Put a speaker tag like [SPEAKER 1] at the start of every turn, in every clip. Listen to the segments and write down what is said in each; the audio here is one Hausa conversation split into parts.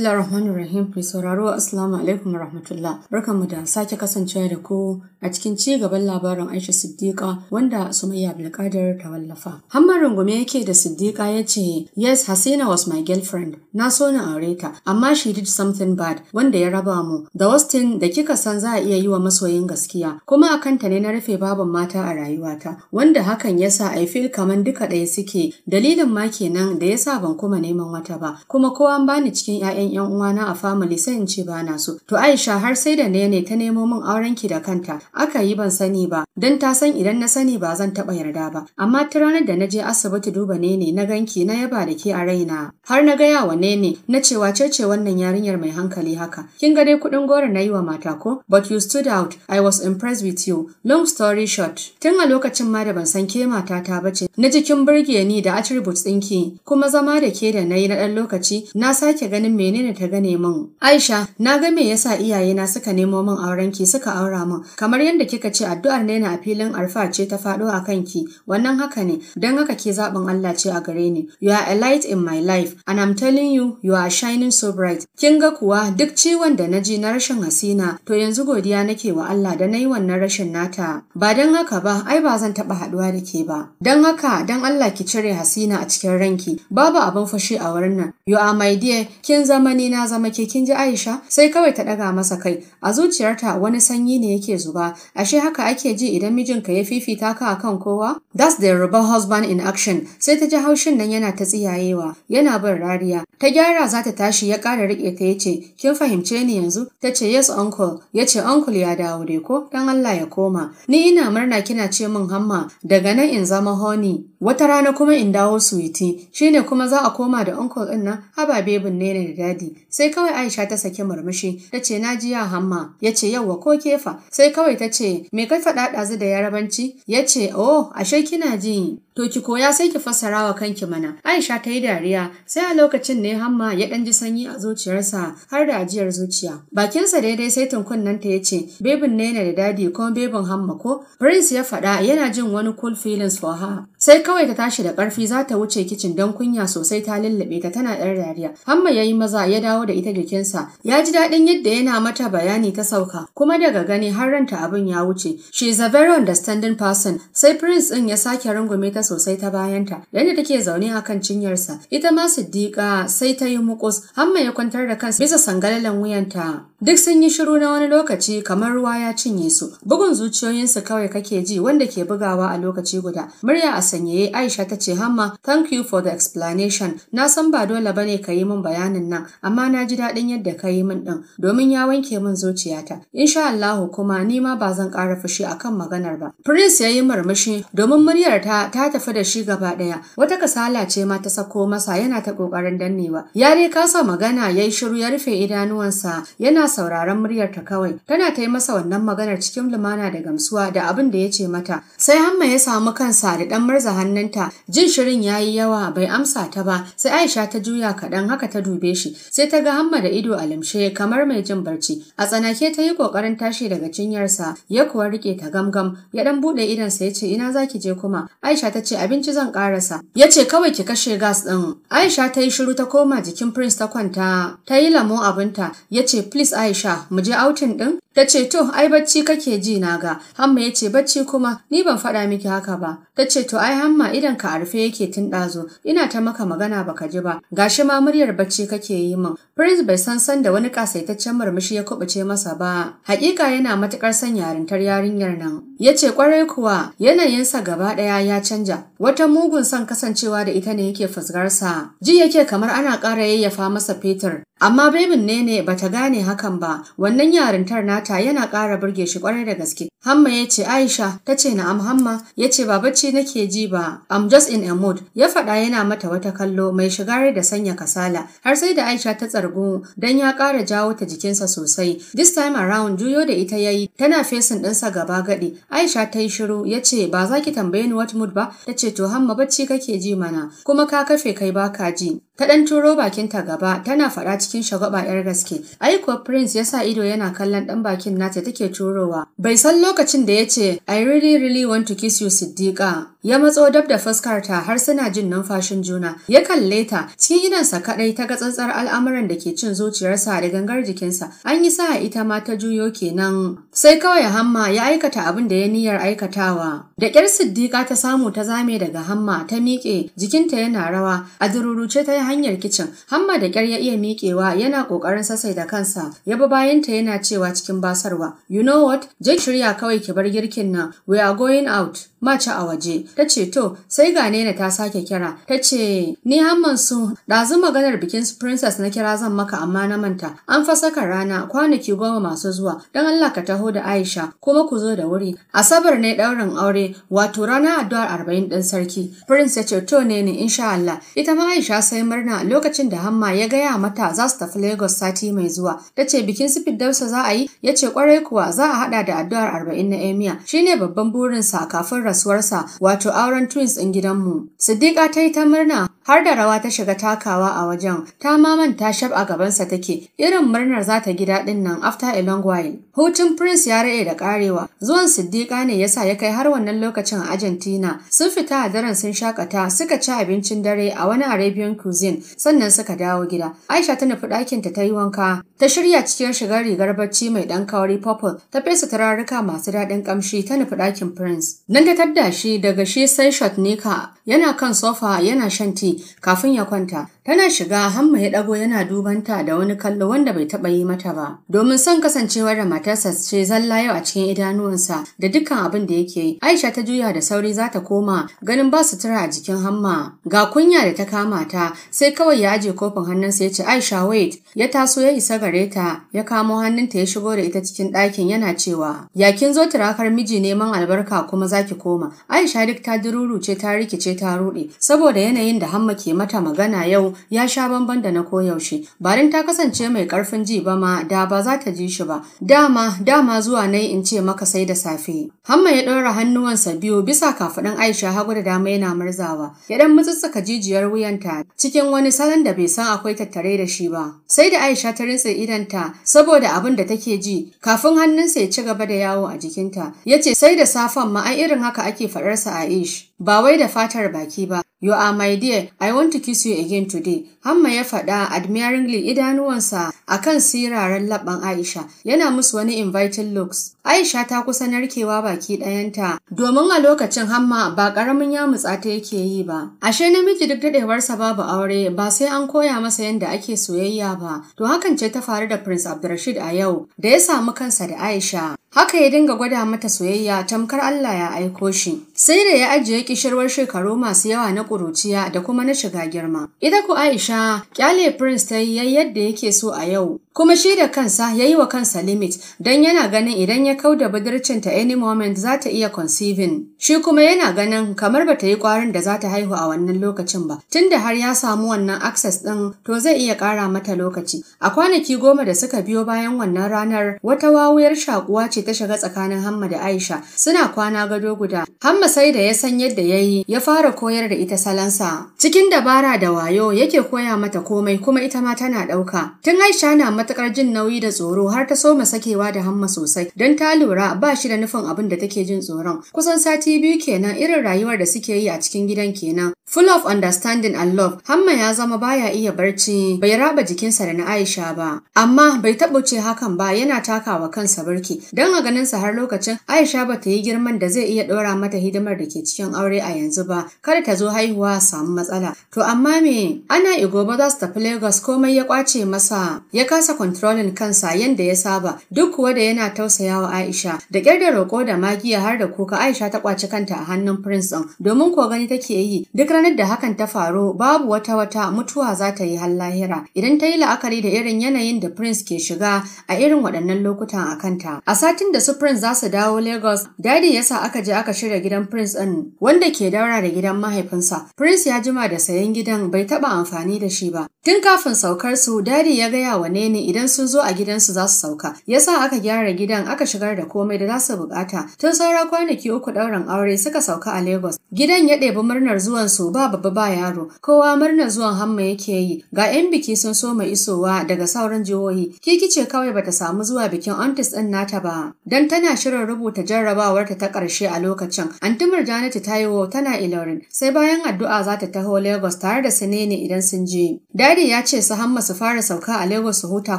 [SPEAKER 1] Bismillah Rahman Rahim mai sauraro Assalamu alaikum rahmatullah. mu da sake kasancewa da ku a cikin ci gaban labarin Aisha Siddiqa wanda Sumayya Abdulkadir ta wallafa. Hamman rungume yake da Siddiqa ya ce, "Yes, Hasina was my girlfriend. Na so na aure ta, amma she did something bad wanda ya raba mu. Da Austin da kika san za a iya yi wa masoyin gaskiya, kuma a kanta ne na rufe baban mata a rayuwata, wanda hakan ya sa I feel kamar duka ɗaya suke. Dalilin ma kenan da ya sa ban kuma neman wata ba, kuma kowa an bani cikin 'ya'yan yan uwana a family sai in ce ba na so to Aisha har sai da ne ta nemo min auren ki da kanta aka yi ban sani ba dan ta san idan na sani ba zan taba yarda ba amma ta ranar da na je asibiti duba nene na ganki na yaba da ke a raina har na gaya wa nene na ce wace ce wannan yarinyar mai hankali haka kin ga dai kudin goro na yi wa mata ko but you stood out I was impressed with you long story short tun a lokacin ma da ban san ke mata ta bace na jikin burge ni da attributes ɗinki kuma zama da ke da na yi na ɗan lokaci na sake ganin menene Amina ta gane min. Aisha, na ga me yasa iyayena suka nemo min auren ki suka aura min. Kamar yadda kika ce addu'ar Naina a filin Arfa ce ta faɗo a kanki. Wannan haka ne, don haka ke zaɓin Allah ce a gare ni. You are a light in my life and I'm telling you you are shining so bright. Kin ga kuwa duk ciwon da na ji na rashin hasina to yanzu godiya nake wa Allah da na yi wannan rashin nata. Ba don haka ba, ai ba zan taɓa haɗuwa da ke ba. Don haka, don Allah ki cire hasina a cikin ranki. Babu abin fushi a wurin nan. You are my dear, kin zama kuma ni na zama ke kin ji Aisha sai kawai ta daga masa kai a zuciyarta wani sanyi ne yake zuba ashe haka ake ji idan mijinka ya fifita ka akan kowa that's the rebel husband in action sai ta ji haushin nan yana ta tsiyayewa yana bin rariya Ta gyara za ta tashi ya ƙara riƙe ta ya ce, Kin fahimce ni yanzu? Ta ce, Yes, uncle. Ya ce, Uncle ya dawo dai ko? Dan Allah ya koma. Ni ina murna kina ce min hamma daga nan in zama honey. Wata rana kuma in dawo suwiti. shine kuma za a koma da uncle ɗin nan haba bebin ne da dadi. Sai kawai Aisha ta saki murmushi. Ta ce, Na ji ya hamma. Ya ce, Yawwa ko kefa. Sai kawai ta ce, Me ka faɗa ɗazu da yarabanci? Ya ce, Oh, ashe kina ji. To ki koya sai ki fassara wa kanki mana. Aisha ta yi dariya sai a lokacin ne Hamma ya dan ji sanyi a zuciyarsa har da ajiyar zuciya. Bakinsa daidai sai tunkunnanta ya ce bebin ne da dadi ko bebin Hamma ko Prince ya faɗa yana jin wani cool feelings for her. Sai kawai ta tashi da ƙarfi za ta wuce kicin don kunya sosai ta lullube ta tana ɗan dariya. Hamma ya yi maza ya dawo da ita jikinsa. Ya ji daɗin yadda yana mata bayani ta sauka kuma daga gani har ranta abin ya wuce. She is a very understanding person. Sai Prince ɗin ya sake rungume ta ta sosai ta bayanta yadda take zaune a kan cinyarsa ita ma siddiƙa sai ta yi mukus hamma ya kwantar da kansa bisa sangalalan wuyanta duk sun yi shiru na wani lokaci kamar ruwa ya cinye su bugun zuciyoyinsu kawai kake ji wanda ke bugawa a lokaci guda murya a sanyaye aisha ta ce hamma thank you for the explanation na san ba dole bane ka yi min bayanin nan amma na ji daɗin yadda ka yi min ɗin domin ya wanke min zuciyata insha Allahu kuma ni ma ba zan ƙara fushi akan maganar ba prince ya yi murmushi domin muryar ta ta ta tafi da shi gaba ɗaya wata kasala ce ma ta sako masa yana ta ƙoƙarin dannewa ya dai kasa magana ya yi shiru ya rufe idanuwansa yana sauraron muryarta kawai tana ta yi masa wannan maganar cikin lumana da gamsuwa da abin da ya ce mata sai hamma ya samu kansa da ɗan murza hannunta jin shirin ya yi yawa bai amsa ta ba sai aisha ta juya kaɗan haka ta dube shi sai ta ga hamma da ido a limshe kamar mai jin barci a tsanake ta yi ƙoƙarin tashi daga cinyarsa ya kuwa riƙe ta gamgam ya ɗan buɗe idonsa ya ce ina zaki je kuma aisha ta ta ce abinci zan karasa. Ya ce kawai ki kashe gas ɗin. Aisha ta yi shiru ta koma jikin Prince ta kwanta. Ta yi lamo abinta. Ya ce please Aisha mu je outing ɗin. Ta ce, To, ai bacci kake ji na ga. Hamma ya ce, Bacci kuma, ni ban faɗa miki haka ba. Ta ce, To, ai hamma idan ka a rufe yake tun ɗazo, ina ta maka magana baka ji ba. Gashi ma muryar bacci kake yi min. Prince bai san san da wani kasaitaccen murmushi ya kubuce masa ba. Hakika yana matukar son yarintar yarinyar nan. Ya ce kwarai kuwa yanayinsa gaba ɗaya ya canja. Wata mugun son kasancewa da ita ne yake fusgarsa. Ji yake kamar ana ƙara yayyafa masa fetur. Amma bebin ne ne ta gane hakan ba, wannan yarintar nata yana ƙara burge shi ƙwarai da gaske, Hamma ya ce, Aisha, ta ce na'am Hamma, ya ce ba bacci nake ji ba, I'm just in a mood, ya faɗa yana mata wata kallo mai shigar da sanya kasala, har sai da Aisha ta tsargu don ya ƙara jawo ta jikinsa sosai. This time around juyo da ita ya yi, tana fesin ɗinsa gaba gaɗi. Aisha ta yi shiru, ya ce ba za ki tambaye ni what mood ba, ta ce to Hamma bacci kake ji mana, kuma ka kafe kai ba ka ji. Ta ɗan turo bakinta gaba tana faɗa cikin shagwaba 'yar gaske. Aiko Prince ya sa ido yana kallon ɗan bakin nata take turowa. Bai san lokacin da ya ce, I really really want to kiss you Siddiqa, ya matso dab da fuskarta har suna jin numfashin juna, ya kalle ta cikin idansa kaɗai ta ga tsantsar al'amuran da ke cin zuciyarsa da gangar jikinsa, an yi sa ita ma ta juyo kenan. Sai kawai Hamma ya aikata abin da ya niyyar aikatawa. Da ƙyar Siddiqa ta samu ta zame daga Hamma ta miƙe, jikinta yana rawa, a dururuce ta yi hanyar kicin, Hamma da ƙyar ya iya miƙewa yana ƙoƙarin sasai da kansa, ya bi bayanta yana cewa cikin basarwa, you know what, je shirya kawai ki bar girkin nan, we are going out, mace a waje. Ta ce to, sai ga Nena ta sake kira, ta ce ni hamman su ɗazu maganar bikin princess na kira zan maka amma na manta. An fa saka rana kwanaki goma masu zuwa, don Allah ka taho da Aisha kuma ku zo da wuri. Asabar ne ɗaurin aure, wato rana addu'ar arba'in ɗin sarki. Prince ya ce to ne ni insha Allah. Ita ma Aisha sai murna lokacin da hamma ya gaya mata za su tafi Lagos sati mai zuwa. Ta ce bikin sifid dausa za a yi, ya ce kwarai kuwa za a hada da addu'ar arba'in arba'in na shi ne babban burinsa kafin rasuwarsa wato auren twins ɗin gidanmu. Siddiqa ta yi ta murna har da rawa ta shiga takawa a wajen ta ma manta shab a gabansa take irin murnar za ta gida din nan after a long while hutun prince ya rade da karewa zuwan siddiqa ne yasa ya kai har wannan lokacin a argentina sun fita a daren sun shakata suka ci abincin dare a wani arabian cuisine sannan suka dawo gida aisha ta nufi ɗakin ta ta yi wanka ta shirya cikin shigar rigar bacci mai ɗan kawari purple ta fesa turaruka masu daɗin ƙamshi ta nufi ɗakin prince nan ta tadda shi daga shi sai shot nika yana kan sofa yana shan tea kafin ya kwanta Tana shiga hamma ya ɗago yana dubanta da wani kallo wanda bai taɓa yi mata ba. Domin son kasancewar da matarsa ce zalla yau a cikin idanuwansa da dukkan abin da yake yi. Aisha ta juya da sauri za ta koma ganin ba su tura a jikin hamma. Ga kunya da ta kama ta sai kawai ya aje kofin hannunsa ya ce Aisha wait ya taso ya isa gare ta ya kamo hannunta ya shigo da ita cikin ɗakin yana cewa ya kin zo turakar miji neman albarka kuma za ki koma. Aisha duk ta dururuce ta rikice ta ruɗe saboda yanayin da hamma ke mata magana yau ya sha bamban da na koyaushe ba dan ta kasance mai karfin ji ba ma da ba za ta ji shi ba dama dama zuwa nayi in ce maka sai da safe hamma ya ɗora hannuwansa biyu bisa kafaɗin aisha hagu da dama yana murzawa ya dan mutsutsuka jijiyar wuyanta cikin wani salon da bai san akwai tattare da shi ba sai da aisha ta rintse idanta saboda abin da take ji kafin hannunsa ya ci gaba da yawo a jikinta ya ce sai da safen ma ai irin haka ake faɗarsa a ish ba wai da fatar baki ba You are my dear, I want to kiss you again today. Hamma ya faɗa admiringly idanuwansa a kan siraren laɓan Aisha, yana musu wani inviting looks. Aisha ta kusa narkewa baki ɗayanta, domin a lokacin Hamma ba ƙaramin yamutsa ta yake yi ba. Ashe namiji duk daɗewarsa babu aure ba sai an koya masa yadda ake soyayya ba, to hakan ce ta faru da Prince Abdulrashid a yau, da ya samu kansa da Aisha. Haka ya dinga gwada mata soyayya tamkar Allah ya aiko shi. sai da ya ajiye kishirwar shekaru masu yawa na ƙuruciya da kuma na shiga girma. Ita ku Aisha, kyale Prince ta yi yadda yake so a yau, kuma shi da kansa ya yi wa kansa limit don yana ganin idan ya kau da budurcinta any moment za ta iya conceiving. Shi kuma yana ganin kamar ba ta yi ƙwarin da za ta haihu a wannan lokacin ba, tunda har ya samu wannan access ɗin to zai iya ƙara mata lokaci. A kwanaki goma da suka biyo bayan wannan ranar, wata wawuyar shakuwa ce ta shiga tsakanin Hamma da Aisha, suna kwana gado guda. Hamma sai da ya san yadda ya yi ya fara koyar da ita salansa. Cikin dabara da wayo yake koya mata komai kuma ita ma tana ɗauka. Tun Aisha na matuƙar jin nauyi da tsoro har ta soma sakewa da hamma sosai don ta lura ba shi da nufin abin da take jin tsoron. Kusan sati biyu kenan irin rayuwar da suke yi a cikin gidan kenan. Full of understanding and love, Hamma ya zama baya iya barci, bai raba jikinsa da na Aisha ba, amma bai taɓuce hakan ba yana takawa kansa barki, don a ganinsa har lokacin Aisha ba ta yi girman da zai iya ɗora mata hidimar da ke cikin aure a yanzu ba, kada ta zo haihuwa samu matsala. To amma me, ana ba za su tafi Lagos komai ya kwace masa, ya kasa kontrolin kansa yanda ya saba, duk kuwa da yana tausayawa Aisha, da ƙyar da roƙo da magiya har da kuka Aisha ta kwaci kanta a hannun Prince ɗin, domin ko gani take yi, duk ranar da hakan ta faru babu wata wata mutuwa za ta yi har lahira idan ta yi la'akari da irin yanayin da Prince ke shiga a irin waɗannan lokutan a kanta. A satin da su Prince za su dawo Lagos, Dadi ya sa aka je aka shirya gidan Prince ɗin wanda ke daura da gidan mahaifinsa. Prince ya jima da sayan gidan bai taɓa amfani da shi ba. Tun kafin saukar su, dadi ya gaya wa Nene idan sun zo a gidansu za su sauka. Ya sa aka gyara gidan aka shigar da komai da za su bukata. Tun saura kwanaki uku ɗaurin aure suka sauka a Lagos. Gidan ya ɗebi murnar zuwan su ba babba ba yaro. Kowa murnar zuwan hamma yake yi. Ga 'yan biki sun so mai isowa daga sauran jihohi. Kiki ce kawai bata samu zuwa bikin ontis ɗin nata ba. Dan tana shirin rubuta jarrabawarta ta ƙarshe a lokacin. Antumar Janatu Taiwo tana Ilorin. Sai bayan addu'a za ta taho Lagos tare da Sinene idan sun je. Dadi ya ce su hamma su fara sauka a Lagos su huta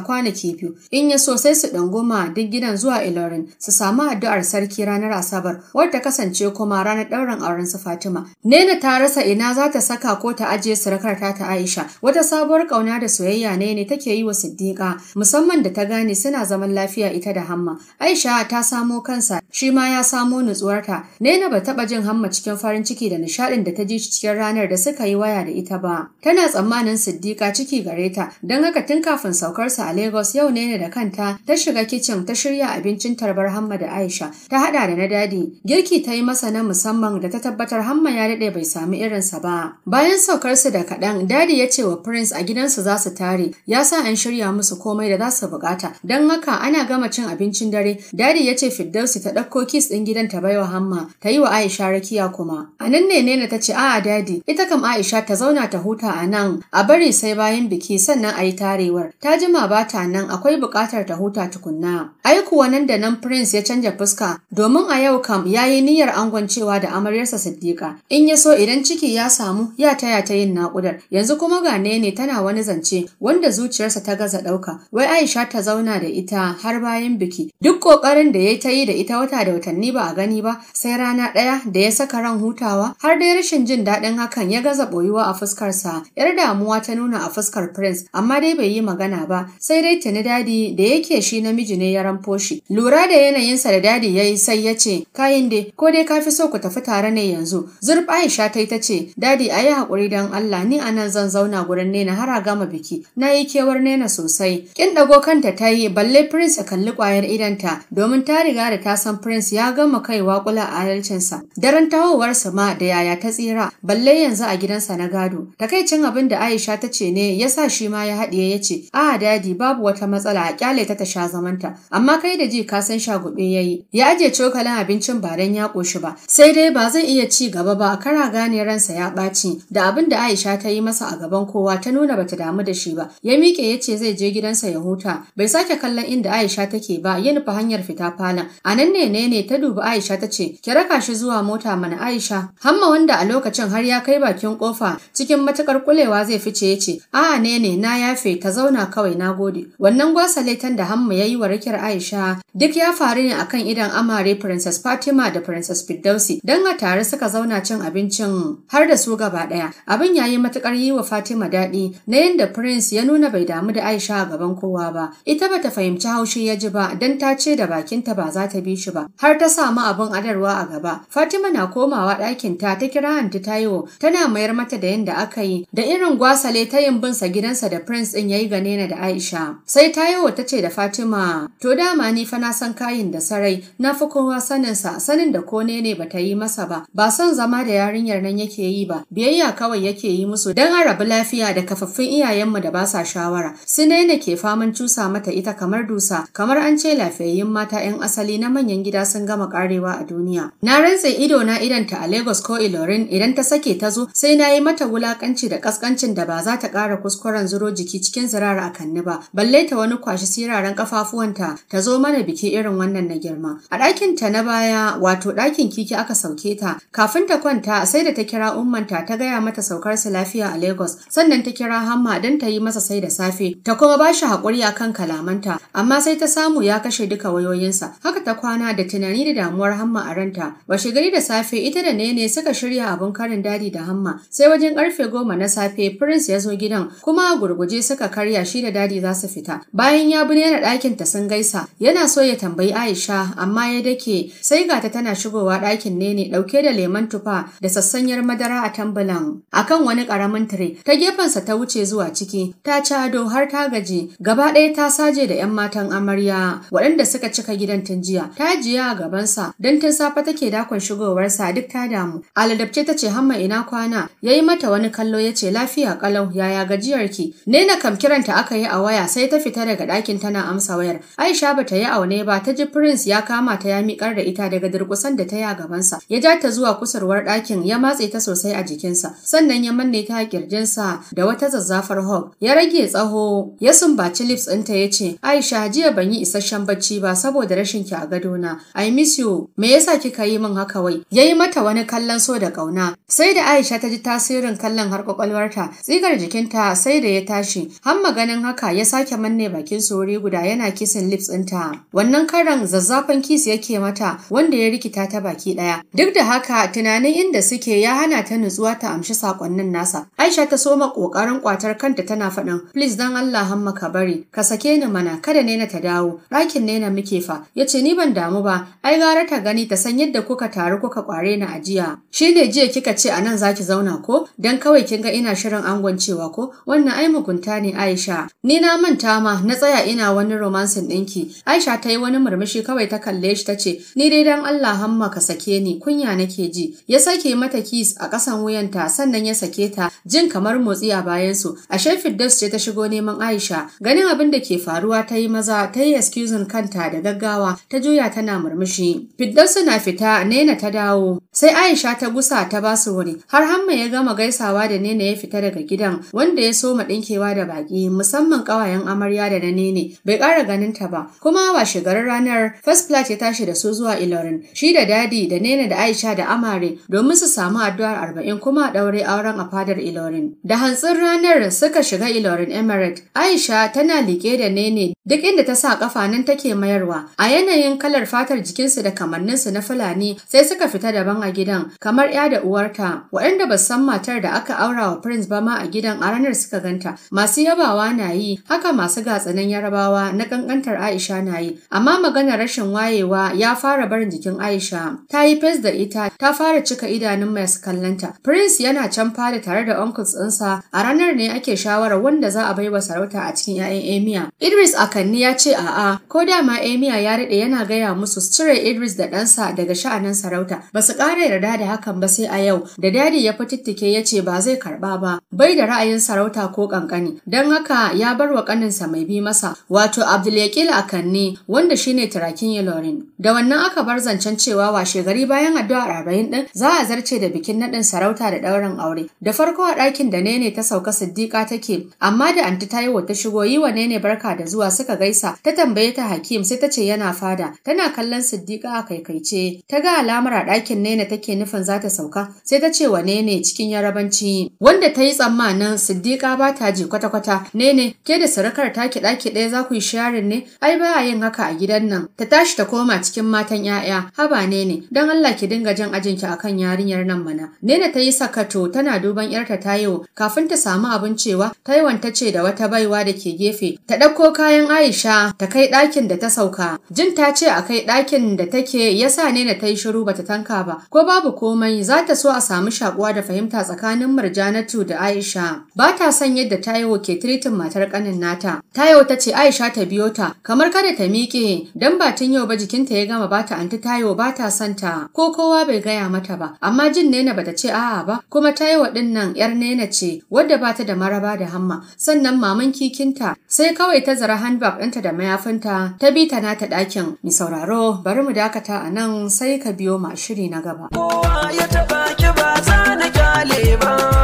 [SPEAKER 1] kwanaki biyu. In ya so sai su ɗan goma duk gidan zuwa Ilorin su samu addu'ar sarki ranar Asabar wadda kasance kuma ranar ɗaurin auren su Fatima. Nena ta rasa ina za ta saka ko ta ajiye surakar ta ta Aisha. Wata sabuwar ƙauna da soyayya ne ne take yi wa Siddiƙa musamman da ta gane suna zaman lafiya ita da Hamma. Aisha ta samo kansa shi ma ya samo nutsuwarta. Nena ba taɓa jin Hamma cikin farin ciki da nishaɗin da ta ji cikin ranar da suka yi waya da ita ba. Tana tsammanin Siddiƙa Ka ciki gare ta don haka tun kafin saukarsa a Lagos yau ne da kanta ta shiga kicin ta shirya abincin tarbar Hamma da Aisha ta hada da na dadi girki ta yi masa na musamman da ta tabbatar Hamma ya dade bai sami irinsa ba bayan saukarsa da kaɗan dadi ya ce wa Prince a gidansu za su tare ya sa an shirya musu komai da za su bukata don haka ana gama cin abincin dare dadi ya ce Firdausi ta ɗauko kis ɗin gidan ta baiwa Hamma ta yi wa Aisha rakiya kuma a nan ne ne ta ce a'a dadi ita kam Aisha ta zauna ta huta a nan a bari sai bayan biki sannan a yi tarewar. Ta jima ba ta nan akwai buƙatar ta huta tukunna. Ai nan da nan Prince ya canja fuska domin a yau kam ya yi niyyar angon cewa da amaryarsa Siddiƙa. In ya so idan ciki ya samu ya taya ta yin naƙudar. Yanzu kuma ga ne tana wani zance wanda zuciyarsa ta gaza ɗauka. Wai Aisha ta zauna da ita har bayan biki. Duk ƙoƙarin da ya ta yi da ita wata da watanni ba a gani ba sai rana ɗaya da ya saka ran hutawa har dai rashin jin daɗin hakan ya gaza ɓoyuwa a fuskarsa. Yar damuwa ta nuna a fuskar Prince amma dai bai yi magana ba sai dai tuni dadi da yake shi namiji ne ya ramfo shi. Lura da yanayinsa da dadi ya yi sai ya ce kayan dai ko dai ka fi so ku tafi tare ne yanzu. Zurf Aisha ta ta ce dadi a yi haƙuri don Allah ni a nan zan zauna gurin Nena har a gama biki. Na yi kewar Nena sosai. Kin ɗago kanta ta yi balle Prince ya kalli ƙwayar idanta domin ta riga da ta san Prince ya gama kaiwa kula a adalcinsa. Daren tahowarsa ma da yaya ta tsira balle yanzu a gidansa na gado. Takaicin abin da Aisha ta ce ne ya sa shi ma ya haɗiye ya ce, "A ah, dadi babu wata matsala a kyale ta ta sha zamanta, amma kai da ji ka san shagube ya yi." Ya aje cokalin abincin ba dan ya ƙoshi ba, sai dai ba zai iya ci gaba ba a kara gane ransa ya ɓaci da abin da Aisha ta yi masa a gaban kowa ta nuna bata damu da shi ba. Ya miƙe ya ce zai je gidansa ya huta, bai sake kallon inda Aisha take ba ya nufi hanyar fita falon. A nan ne ne ta dubi Aisha ta ce, "Ki raka shi zuwa mota mana Aisha." Hamma wanda a lokacin har ya kai bakin kofa cikin matakar kulewa zai fice ya ce, A'a ne ne na yafe ta zauna kawai na gode. Wannan gwasalaitan da Hamma ya yi wa rakiyar Aisha duk ya faru ne akan idan amare Princess Fatima da Princess fidelsi don a tare suka zauna cin abincin har da su gaba ɗaya. Abin ya yi matuƙar yi wa Fatima daɗi na yadda Prince ya nuna bai damu da Aisha a gaban kowa ba. Ita bata fahimci haushi ya ji ba don ta ce da bakinta ba za ta bi shi ba. Har ta samu abin adarwa a gaba. Fatima na komawa ɗakinta ta kira Anti Taiwo tana mayar mata da yadda aka yi da irin gwasale ta yin yin binsa gidansa da Prince ɗin ya yi na da Aisha. Sai ta Taiwo ta ce da Fatima, to dama ni fa na san kayin da sarai, na fi kowa saninsa, sanin da ko ne bata yi masa ba, ba son zama da yarinyar nan yake yi ba, biyayya kawai yake yi musu don an rabu lafiya da kafaffun iyayenmu da ba sa shawara. su Sinaina ke faman cusa mata ita kamar dusa, kamar an ce lafiyayyun mata 'yan asali na manyan gida sun gama karewa a duniya. Na rantse ido na idanta a Lagos ko Ilorin idan ta sake ta zo sai na yi mata wulakanci da kaskancin da ba za ta ƙara kuskuren zuro jiki cikin zirara kanni ba balle ta wani kwashi siraran kafafuwanta ta zo mana biki irin wannan na girma a ɗakin ta na baya wato ɗakin kiki aka sauke ta kafin ta kwanta sai da ta kira ummanta ta gaya mata saukar su lafiya a Lagos sannan ta kira Hamma don ta yi masa sai da safe ta kuma ba shi haƙuri akan kalamanta amma sai ta samu ya kashe duka wayoyinsa haka ta kwana da tunani da damuwar Hamma a ranta washe gari da safe ita da Nene suka shirya abun karin dadi da Hamma sai wajen karfe goma na safe Prince ya zo gidan kuma gurguje suka karya shi da dadi za su fita bayan ya bi naira ɗakin ta sun gaisa yana so ya tambayi Aisha amma ya dake sai gata tana shigowa ɗakin ne ne ɗauke da lemon tufa da sassanyar madara a tambulan akan wani ƙaramin tire ta gefensa ta wuce zuwa ciki ta cado har ta gaji gaba ɗaya ta saje da ƴan matan amarya waɗanda suka cika gidan tun jiya ta jiya a gabansa don tun safe take dakon shigowarsa duk ta damu aladabce ta ce hamma ina kwana ya yi mata wani kallo ya ce lafiya ƙalau ya yaya gajiyarki Nena kam kiranta aka yi a waya sai ta fita daga ɗakin tana amsa wayar Aisha ba ta yi aune ba ta ji Prince ya kama ta ya miƙar da ita daga durƙusan da ta yi a gabansa ya ja ta zuwa kusurwar ɗakin ya matse ta sosai a jikinsa sannan ya manne ta kirjin ƙirjinsa da wata zazzafar hog. ya rage tsaho ya sumbaci lips ɗin ya ce Aisha jiya ban yi isasshen bacci ba saboda rashin ki a gadona I miss you me yasa kika yi min haka wai yayi mata wani kallon so da ƙauna sai da Aisha ta ji tasirin kallon har kwakwalwarta tsigar jikin hankalinta sai da ya tashi har maganin haka ya sake manne bakin su guda yana kisin lips ɗinta wannan karan zazzafan kiss yake mata wanda ya rikita ta baki ɗaya duk da haka tunanin inda suke ya hana ta nutsuwa ta amshi sakonnin nasa Aisha ta soma kokarin kwatar kanta tana faɗin please dan Allah hamma ka bari ka sake ni mana kada ne na ta dawo ɗakin ne na muke fa yace ni ban damu ba ai gara ta gani ta san yadda kuka taru kuka kware ni ajiya jiya shi jiya kika ce anan zaki zauna ko dan kawai kin ga ina shirin angon cewa ko wannan ai mugunta ne Aisha ni na manta ma na tsaya ina wani romansin ɗinki Aisha ta yi wani murmushi kawai ta kalle shi ta ce ni dai dan Allah hamma ka sake ni kunya nake ji ya sake mata kiss a ƙasan wuyanta sannan ya sake ta jin kamar motsi a bayan su a ashe dust ce ta shigo neman Aisha ganin abin da ke faruwa ta yi maza ta yi excusing kanta da gaggawa ta juya tana murmushi Firdaus na fita Nena ta dawo sai Aisha ta gusa ta basu wuri har hamma ya gama gaisawa da Nena ya fita daga gidan wanda ya soma ɗinkewa da baƙi musamman ƙawayen amarya da na ne bai ƙara ganin ta ba kuma wa shigar ranar first flight ya tashi da su zuwa ilorin shi da dadi da nene da aisha da amare domin su samu addu'ar arba'in kuma ɗaure auren a fadar ilorin da hantsin ranar suka shiga ilorin emirate aisha tana liƙe da nene duk inda ta sa ƙafa nan take mayarwa a yanayin kalar fatar jikinsu da kamanninsu na fulani sai suka fita daban a gidan kamar ya da uwarta waɗanda ba san matar da aka aura wa prince ba ma a gidan ranar suka ganta masu yabawa na yi haka masu gatsanan yarabawa na kankantar Aisha na yi amma maganar rashin wayewa ya fara barin jikin Aisha ta yi fes da ita ta fara cika idanun masu kallanta Prince yana can fada tare da uncles ɗinsa a ranar ne ake shawarar wanda za a baiwa sarauta a cikin 'ya'yan Emiya Idris a Akanni ya ce a'a ko dama ma Emiya ya daɗe yana gaya musu su cire Idris da ɗansa daga sha'anin sarauta ba su ƙara yarda da hakan ba sai a yau da dadi ya fitittike ya ce ba zai karɓa ba bai da ra'ayin sarauta ko kankani don haka ya bar wa kaninsa mai bi masa wato abdulyakil akanni wanda shine turakin yalorin da wannan aka bar zancen cewa washe gari bayan addu'ar arba'in din za a zarce da bikin naɗin sarauta da ɗaurin aure da farko a ɗakin da nene ta sauka siddiqa take amma da anti taiwo ta shigo yi wa nene barka da zuwa suka gaisa ta tambaye ta hakim sai ta ce yana fada tana kallon siddiqa a kaikaice ta ga alamar a ɗakin nene take nufin za ta sauka sai ta ce wa nene cikin yarabanci wanda ta yi tsammanin siddiƙa ba ta ji kwata-kwata ne ne ke da sarakar ta ɗaki ɗaya za ku yi sharin ne ai ba a yin haka a gidan nan ta tashi ta koma cikin matan 'ya'ya haba ne ne don Allah ki dinga jan ajinki akan yarinyar nan mana Nena ta yi sakato tana duban 'yarta ta yau kafin ta samu abin cewa yi wanta ce da wata baiwa da ke gefe ta ɗauko kayan Aisha ta kai ɗakin da ta sauka jin ta ce a kai ɗakin da take yasa Nena ta yi shiru bata tanka ba ko babu komai za ta so a samu shakuwa da fahimta tsakanin Murjanatu da Aisha ba ta son yadda Taiwo ke tiritin matar ƙanin nata. Tayo ta ce Aisha ta biyo ta, kamar kada ta miƙe, Don ba tun yau ba jikinta ya gama ba bata anti tayo ba ta son ta, ko kowa bai gaya mata ba, amma jin Nena bata ce a'a ba, kuma Taiwo din nan yar Nena ce wadda ba ta da maraba da hamma, sannan maman kikinta sai kawai ta zara handbag ɗinta da mayafinta ta bi ta nata ɗakin. Mi sauraro bari mu dakata a nan sai ka biyo ma shiri na gaba. Kowa ya taɓa ki ba za na kyale ba.